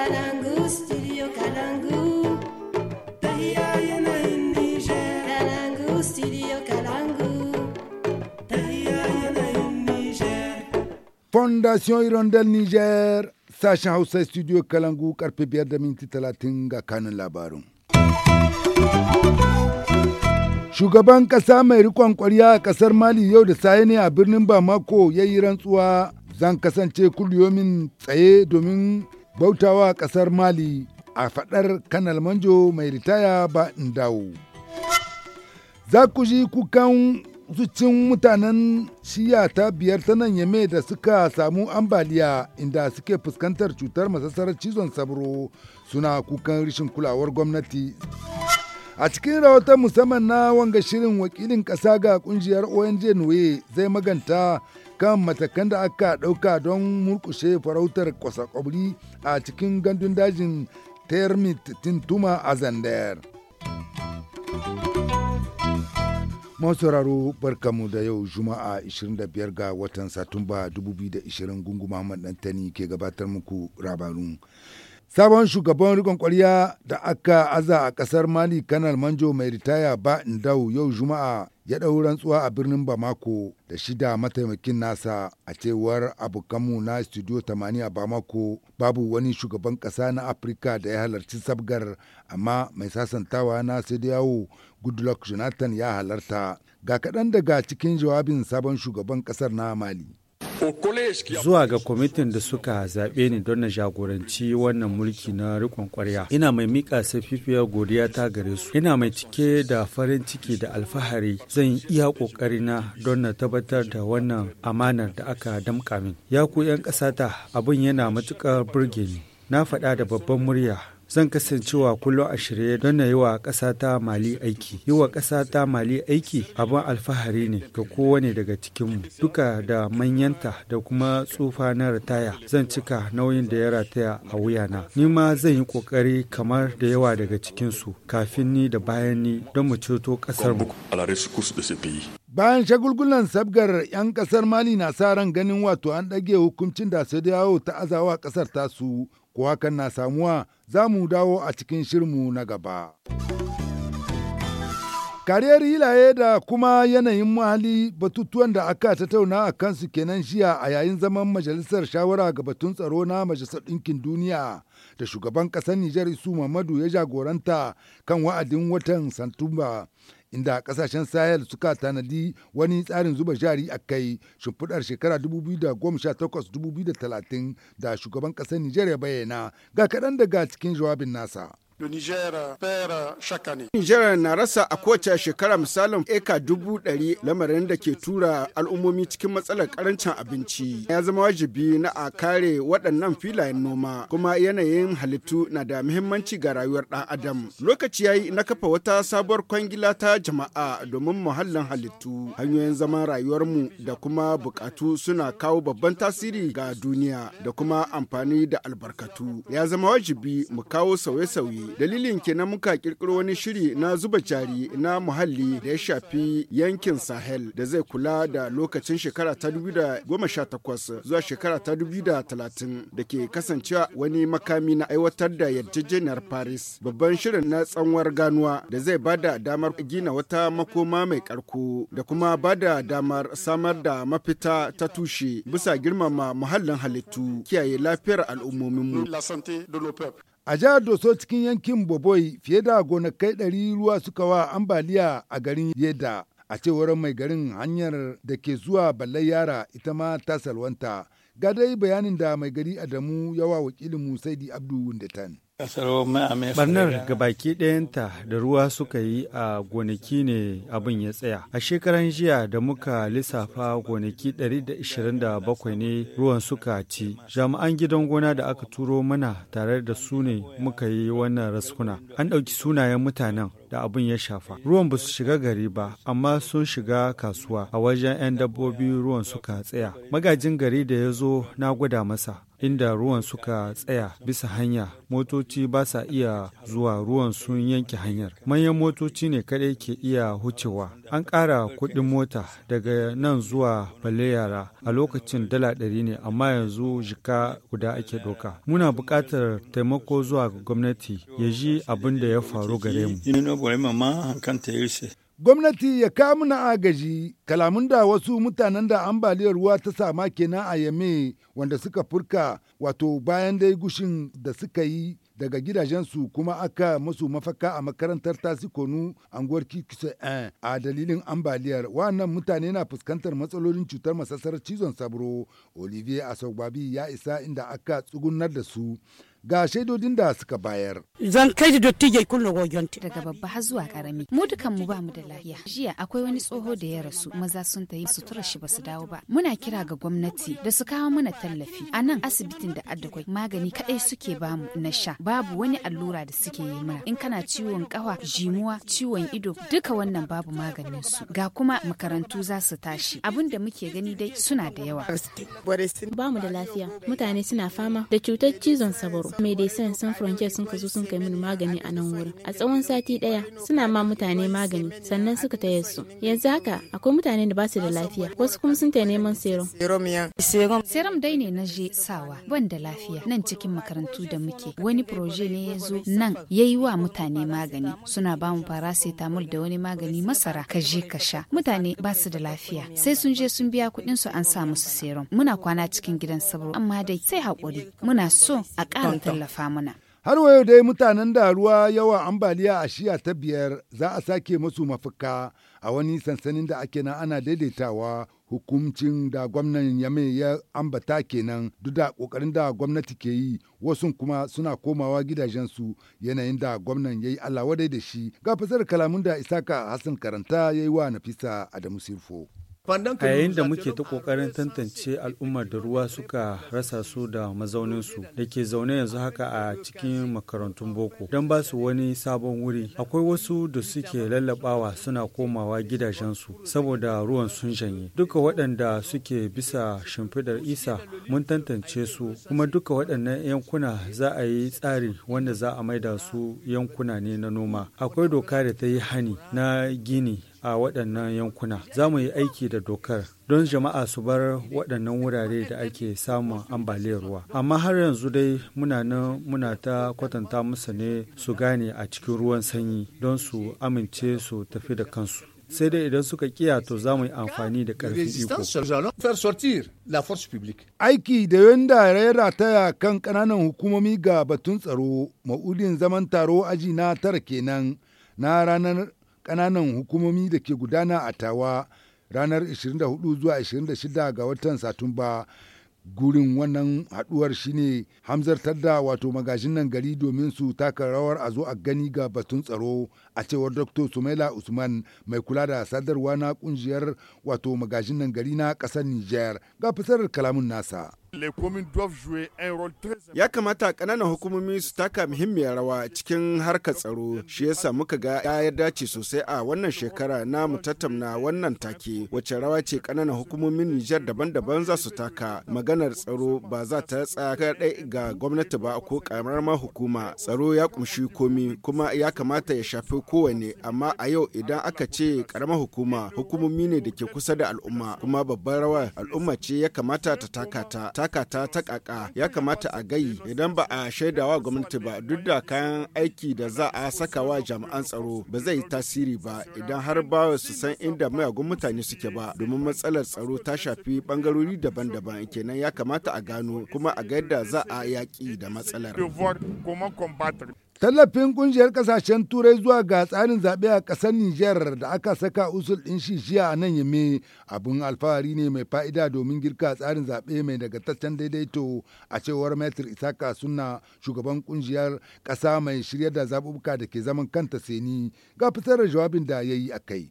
Kalangu, studio Fondation Hirondel Niger. Sashen Hausa Studio Kalangu karfe biyar da minti talatin ga kanin labarin. Shugaban ƙasa mai rikon ƙwarya a ƙasar Mali yau da saye ne a birnin Bamako ya yi rantsuwa zan kasance min tsaye domin bautawa ƙasar Mali a faɗar Kanal Manjo mai ritaya ba in dawo. Za ku ji kukan zucin mutanen shiya ta biyar ta nan yame da suka samu ambaliya inda suke fuskantar cutar masassarar cizon sabro suna kukan rashin kulawar gwamnati. A cikin rahoton musamman na wanga shirin wakilin kasa ga kungiyar ONG Noye zai maganta kan matakan da aka dauka don murkushe farautar kwasakwabri a cikin gandun dajin termit tintuma a Zandayar. masauraro barkamu da yau juma'a 25 ga watan satumba 2020 gungu muhammad dantani ke gabatar muku rabarun. Sabon shugaban rikon kwarya da aka aza a ƙasar Mali Kanal Manjo mai ritaya ba Ndau yau Juma'a ya ɗau rantsuwa a birnin Bamako da shida mataimakin nasa a cewar abokanmu na Studio 80 a Bamako babu wani shugaban ƙasa na Afirka da ya halarci sabgar amma mai sasantawa na sai da yawo Goodluck Jonathan ya halarta ga kaɗan daga cikin jawabin sabon shugaban ƙasar na Mali. zuwa ga kwamitin da suka zaɓe ni don na jagoranci wannan mulki na rikon ƙwarya, ina mai mika safifiyar godiya ta gare su ina mai cike da farin ciki da alfahari zan yi iya na don na tabbatar da wannan amanar da aka damƙa min ya ku 'yan ƙasata abin yana matuƙar burge ni na faɗa da babban murya zan kasancewa kullum a shirye don na yi wa ƙasa mali aiki yi wa ƙasa mali aiki abin alfahari ne ga kowane daga cikinmu duka da manyanta da kuma tsufa na ritaya zan cika nauyin da ya rataya a wuyana ni ma zan yi ƙoƙari kamar da yawa daga cikinsu kafin ni da bayan ni don mu ceto ƙasarmu bayan shagulgulan sabgar 'yan kasar mali na sa ran ganin wato an ɗage hukuncin da su dawo ta azawa kasar tasu ko hakan na samuwa za mu dawo a cikin shirmu na gaba. Kariyar ilaye da kuma yanayin muhalli batutuwan da aka tattauna a kansu kenan jiya a yayin zaman majalisar shawara ga batun tsaro na majalisar ɗinkin duniya da shugaban ƙasar Nijar Isu Muhammadu ya jagoranta kan wa'adin watan Satumba. inda kasashen sahel suka tanadi wani tsarin zuba jari a kai shimfiɗar shekara 2018-2030 da shugaban ƙasar nijar ya bayyana ga kaɗan daga cikin jawabin nasa. Niger na rasa a kowace shekara misalin eka dubu ɗari lamarin da ke tura al'ummomi cikin matsalar karancin abinci. Ya zama wajibi na a kare waɗannan filayen noma kuma yanayin halittu na da muhimmanci ga rayuwar ɗan adam. Lokaci ya na kafa wata sabuwar kwangila ta jama'a domin muhallin halittu. Hanyoyin zaman mu da kuma buƙatu suna kawo babban tasiri ga duniya da kuma amfani da albarkatu. Ya zama wajibi mu kawo sauye-sauye dalilin Dalilin kenan muka kirkiro wani shiri na zuba jari na muhalli da ya shafi yankin Sahel da zai kula da lokacin shekara ta 2018 zuwa shekara ta 2030 da ke kasancewa wani makami na aiwatar da yarjejeniyar Paris. Babban shirin na tsanwar ganuwa da zai bada damar gina wata makoma mai karko da kuma bada damar samar da mafita ta tushe bisa girmama muhallin halittu kiyaye lafiyar al'ummomin al'ummominmu. A jihar Doso cikin yankin Boboi fiye da gonakai ɗari ruwa suka wa ambaliya a garin Yeda. A cewar mai garin hanyar da ke zuwa Ballai Yara ita ma ta salwanta. Ga dai bayanin da mai gari Adamu yawa wakilin Musaidi Abdu Windatan. Barnar baki ɗayanta da ruwa suka yi a gonaki ne abin ya tsaya. A shekaran jiya da muka lissafa gonaki 127 ne ruwan suka ci. Jami'an gidan gona da aka turo mana tare da su ne muka yi wannan raskuna. An ɗauki sunayen mutanen da abin ya shafa ruwan ba su shiga gari ba amma sun shiga kasuwa a wajen 'yan dabbobi ruwan suka tsaya magajin gari da ya zo na gwada masa inda ruwan suka tsaya bisa hanya motoci ba sa iya zuwa ruwan sun yanke hanyar manyan motoci ne kaɗai ke iya hucewa an ƙara kuɗin mota daga nan zuwa baleyara a lokacin dala ɗari ne amma yanzu jika guda ake ɗoka. muna buƙatar taimako zuwa ga gwamnati ya ji abin da ya faru gare mu gwamnati ya kamu na agaji kalamun da wasu mutanen da ambaliyar ruwa ta sama kenan a yame wanda suka furka wato bayan dai gushin da suka yi daga gidajensu kuma aka musu mafaka a makarantar tasikonu anguwar kikisa a dalilin ambaliyar wannan mutane na fuskantar matsalolin cutar masasar cizon sabro olivier asogbabi ya isa inda aka tsugunar da su ga shaidodin da suka bayar. Zan kai da dotti ya kunna gogyonta. Daga babba har zuwa karami. Mu dukan mu ba mu da lafiya. Jiya akwai wani tsoho da ya rasu maza sun ta tayi sutura shi su dawo ba. Muna kira ga gwamnati da su kawo mana tallafi. A nan asibitin da addakwai magani kaɗai suke bamu na sha. Babu wani allura da suke yi mana. In kana ciwon kawa jimuwa, ciwon ido duka wannan babu maganin su. Ga kuma makarantu za su tashi. Abin da muke gani dai suna da yawa. Ba mu da lafiya. Mutane suna fama da cutar cizon saboro. medecins san frontier sun kazo sun kai mini magani a nan wurin a tsawon sati daya suna ma mutane magani sannan suka taya su yanzu haka akwai mutane da basu da lafiya wasu kuma sun taya neman serum serum dai ne na je sawa ban da lafiya nan cikin makarantu da muke wani proje ne ya zo nan ya yi wa mutane magani suna ba mu paracetamol da wani magani masara ka je ka sha mutane basu da lafiya sai sun je sun biya kuɗin su an sa musu serum muna kwana cikin gidan sabro amma dai sai haƙuri muna so a ƙara tallafa mana. Har yau dai mutanen da ruwa yawa ambaliya a shiya ta biyar za a sake masu mafuka a wani sansanin da ake nan ana daidaitawa hukumcin da gwamnan yame ya ambata kenan duk da kokarin da gwamnati ke yi wasu kuma suna komawa gidajensu yanayin da gwamnan ya yi alawadai da shi ga fasar kalamun da isaka hassan karanta ya yi wa nafisa adamu sirfo. A yayin da muke ta kokarin tantance al'ummar da ruwa suka rasa su da mazauninsu da ke zaune yanzu haka a cikin makarantun boko don ba su wani sabon wuri. Akwai wasu da suke lallabawa suna komawa gidajensu saboda ruwan sun shanye. Duka waɗanda suke bisa shimfidar isa mun tantance su kuma duka waɗannan yankuna za a yi tsari wanda za a maida su yankuna ne na noma. Akwai doka da ta yi hani na gini a waɗannan yankuna za mu yi aiki da dokar don jama'a su bar waɗannan wurare da ake samun ambaliyar ruwa amma har yanzu dai muna nan muna ta kwatanta musu ne su gane a cikin ruwan sanyi don su amince su tafi da kansu sai dai idan suka kiya to za mu yi amfani da ƙarfin iko. Aiki da yanda ya rataya kan ƙananan hukumomi ga batun tsaro, ma'udin zaman taro aji na tara kenan na ranar ƙananan hukumomi da ke gudana a tawa ranar 24 zuwa 26 ga watan satumba gurin wannan haduwar shine hamzartar da wato magajin nan gari domin su taka rawar a zo a gani ga batun tsaro a cewar dr sumaila usman mai kula da sadarwa na kungiyar wato magajin nan gari na kasar niger ga fasarar kalamun nasa Ya kamata ƙananan hukumomi su taka muhimmiyar rawa cikin harkar tsaro, shi yasa muka ga ya dace sosai a wannan shekara na mu tattauna wannan take wacce rawa ce ƙananan hukumomin Nijar daban-daban za su taka. Maganar tsaro ba za ta tsaya ɗai ga gwamnati ba ko ƙaramar hukuma. Tsaro ya ƙunshi komi kuma ya kamata ya shafi kowane, amma a yau idan aka ce ƙaramar hukuma, hukumomi ne da ke kusa da al'umma, kuma babbar rawa al'umma ce ya kamata ta taka ta. taka ta ta ya kamata a gayi idan ba a shaida wa gwamnati ba duk da kayan aiki da za a saka wa jami'an tsaro ba zai yi tasiri ba idan har ba su san inda mayagun mutane suke ba domin matsalar tsaro ta shafi bangarori daban-daban kenan ya kamata a gano kuma a ga yadda za a yaƙi da matsalar. Tallafin kungiyar kasashen Turai zuwa ga tsarin zaɓe a ƙasar Nijar da aka saka usul ɗin shi jiya a nan yame abin alfahari ne mai fa'ida domin girka tsarin zaɓe mai nagartaccen daidaito a cewar Metr Isaka suna shugaban kungiyar ƙasa mai shirya da zaɓuɓɓuka da ke zaman kanta seni ga fitar da jawabin da ya yi a kai.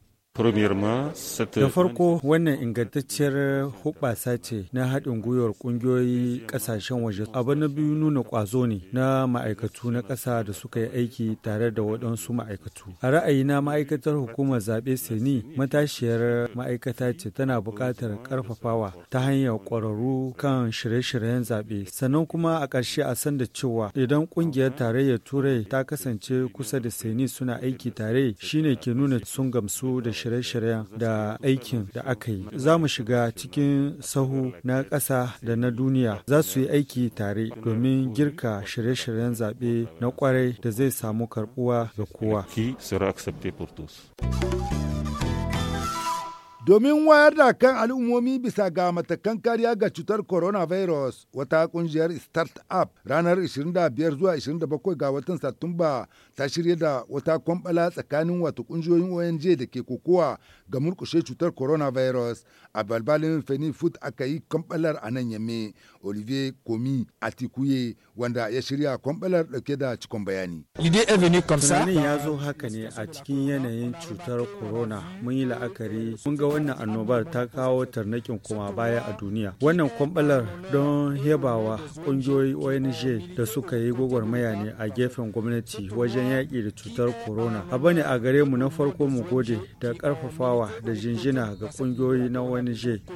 Da farko wannan ingantacciyar hubasa ce na haɗin gwiwar ƙungiyoyi ƙasashen waje. Abu na biyu nuna ƙwazo ne na ma'aikatu na ƙasa da suka yi aiki tare da waɗansu ma'aikatu. A ra'ayina ma'aikatar hukumar zaɓe Seni matashiyar ma'aikata ce tana buƙatar ƙarfafawa ta hanyar ƙwararru kan shirye-shiryen zaɓe. Sannan kuma a ƙarshe a san da cewa idan ƙungiyar tarayyar Turai ta kasance kusa da Seni suna aiki tare shine ke nuna sun gamsu da shirye shirye shirye da aikin da aka yi za mu shiga cikin sahu na ƙasa da na duniya za su yi aiki tare domin girka shirye-shiryen zaɓe na kwarai da zai samu karɓuwa ga kowa. Domin wayar da kan al'ummomi bisa ga matakan kariya ga cutar coronavirus wata kungiyar start-up ranar 25 zuwa 27 ga watan Satumba ta shirya da wata kwambala tsakanin wata kungiyoyin ONG da ke kokowa ga murkushe cutar coronavirus a balbalin Feni Food aka yi kwambalar a nan yamme olivier komi atikuye wanda ya shirya kwambalar dauke da cikon bayani tunanin ya zo haka ne a cikin yanayin cutar corona mun yi la'akari mun ga wannan annobar ta kawo tarnakin kuma baya a duniya wannan kwambalar don hebawa kungiyoyi ong da suka yi gwagwarmaya ne a gefen gwamnati wajen yaƙi da cutar corona abu ne a gare mu na farko mu gode da ƙarfafawa da jinjina ga kungiyoyi na ong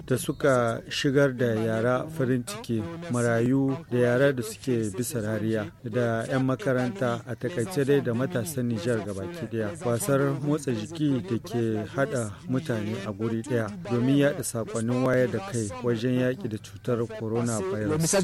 da suka shigar da yara farin ciki suke marayu da yara da suke bisa rariya da 'yan makaranta a takaice dai da matasan Nijar gabaki daya. Wasar motsa jiki da ke hada mutane a guri daya domin yada sakonnin wayar da kai wajen yaki da cutar coronavirus.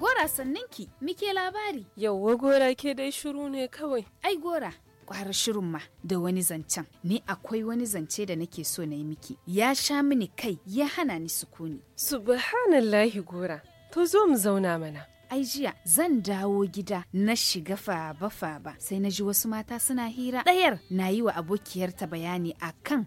Gora ki muke labari. Yauwa gora ke dai shiru ne kawai. Ai gora, kwara shirin ma da wani zancen ni akwai wani zance da nake so na yi miki ya sha mini kai ya hana ni sukuni subhanallahi gora to zo mu zauna mana ai jiya zan dawo gida na shiga faba-faba sai na ji wasu mata suna hira ɗayar na yi wa abokiyarta bayani akan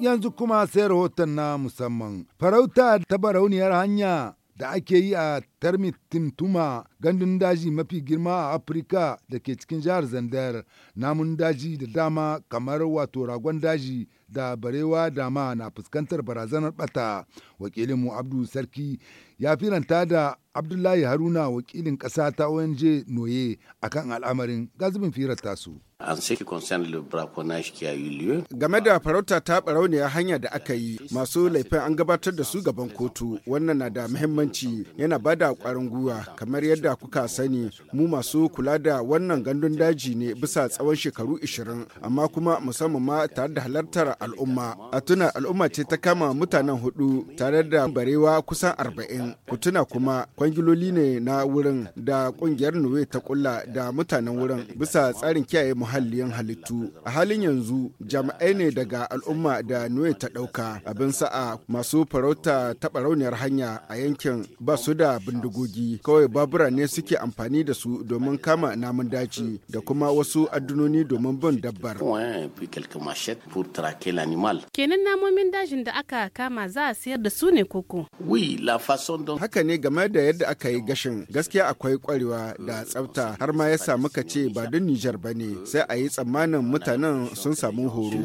yanzu kuma sai rahoton na musamman. Farauta ta barauniyar hanya da ake yi a termit timtuma gandun daji mafi girma a Afirka da ke cikin jihar Zandar namun daji da dama kamar wato ragon daji da barewa dama na fuskantar barazanar bata wakilinmu mu abdu sarki ya firanta da abdullahi haruna wakilin ƙasa ta ong noye akan al'amarin gazibin firar tasu game da farauta ta barauniya hanya da aka yi masu laifin an gabatar da su gaban kotu wannan na da muhimmanci yana ba da kwarin gwiwa kamar yadda kuka sani mu masu kula da wannan gandun daji ne bisa tsawon shekaru 20 amma kuma musamman ma tare da halartar al'umma a tuna al'umma ce ta kama mutanen hudu tare da barewa kusan arba'in ku tuna kuma kwangiloli ne na wurin da kungiyar nuwe ta kulla da mutanen wurin bisa tsarin kiyaye muhallin halittu a halin yanzu jami'ai ne daga al'umma da nuwe ta dauka abin sa'a masu farauta ta barauniyar hanya a yankin ba su da bindigogi kawai babura ne suke amfani da su domin kama namun daji da kuma wasu addunoni domin bin dabbar. l'animal. Kenan namomin dajin da aka kama za a sayar da su ne koko? Oui, la façon dont Haka ne game da yadda aka yi gashin gaskiya akwai kwarewa da tsafta har ma ya samu ka ce ba don Nijar ba ne sai a yi tsammanin mutanen sun samu horo.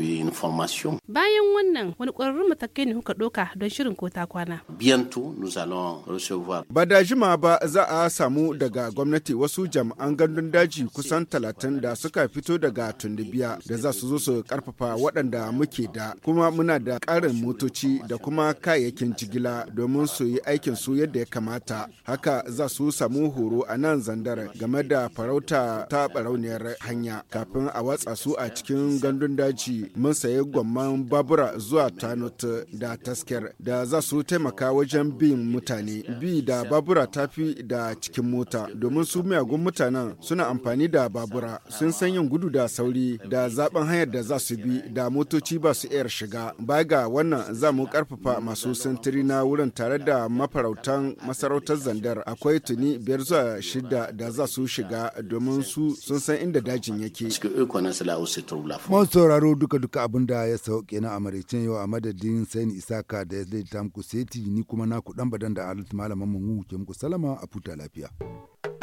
Bayan wannan wani kwararrun matakai ne kuka doka don shirin ko ta kwana. Bientôt nous allons recevoir. Ba da jima ba za a samu daga gwamnati wasu jami'an gandun daji kusan talatin da suka fito daga tundubiya da za su zo su karfafa waɗanda muke ke da kuma muna da ƙarin motoci da kuma kayayyakin jigila domin su yi aikin su yadda ya kamata haka za su samu horo a nan zandar game da farauta ta barauniyar hanya kafin a watsa su a cikin gandun daji mun sayi gwamman babura zuwa tanut da tasker da za su taimaka wajen bin mutane bi da babura tafi da cikin mota domin su miyagun mutanen suna amfani da babura sun san yin gudu da sauri da zaben hanyar da za su bi da motoci ba su iyar shiga baya ga wannan za mu karfafa masu sintiri na wurin tare da mafarautan masarautar zandar akwai tuni biyar zuwa shida da za su shiga domin su sun san inda dajin yake mun sauraro duka duka abin da ya sauke na amaricin yau a madadin sain isaka da ya zai ta muku seti ni kuma na dan badan da alit malamin mu ke muku salama a futa lafiya